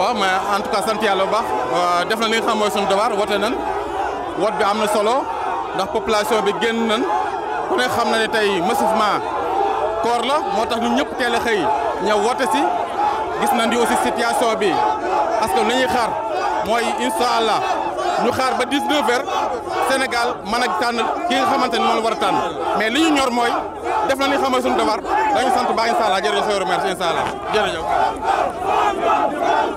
waaw mais en tout sant yàlla bu baax euh, def na li nga xam suñu devoir wote nan wote bi am na solo ndax population bi génn nan ku ne xam na ne tey massivement koor la moo tax ñu ñëpp teel a xëy ñëw wote si gis nañ di aussi situation bi parce que li ñuy xaar mooy incha allah ñu xaar ba 19 heures man mën a tànn ki nga xamante ni moom la war a mais li ñu ñor mooy def na li nga xam mooy suñu devoir dañu sant baax incha allah jërëjëf sooy remercié incha allah jërëjëf.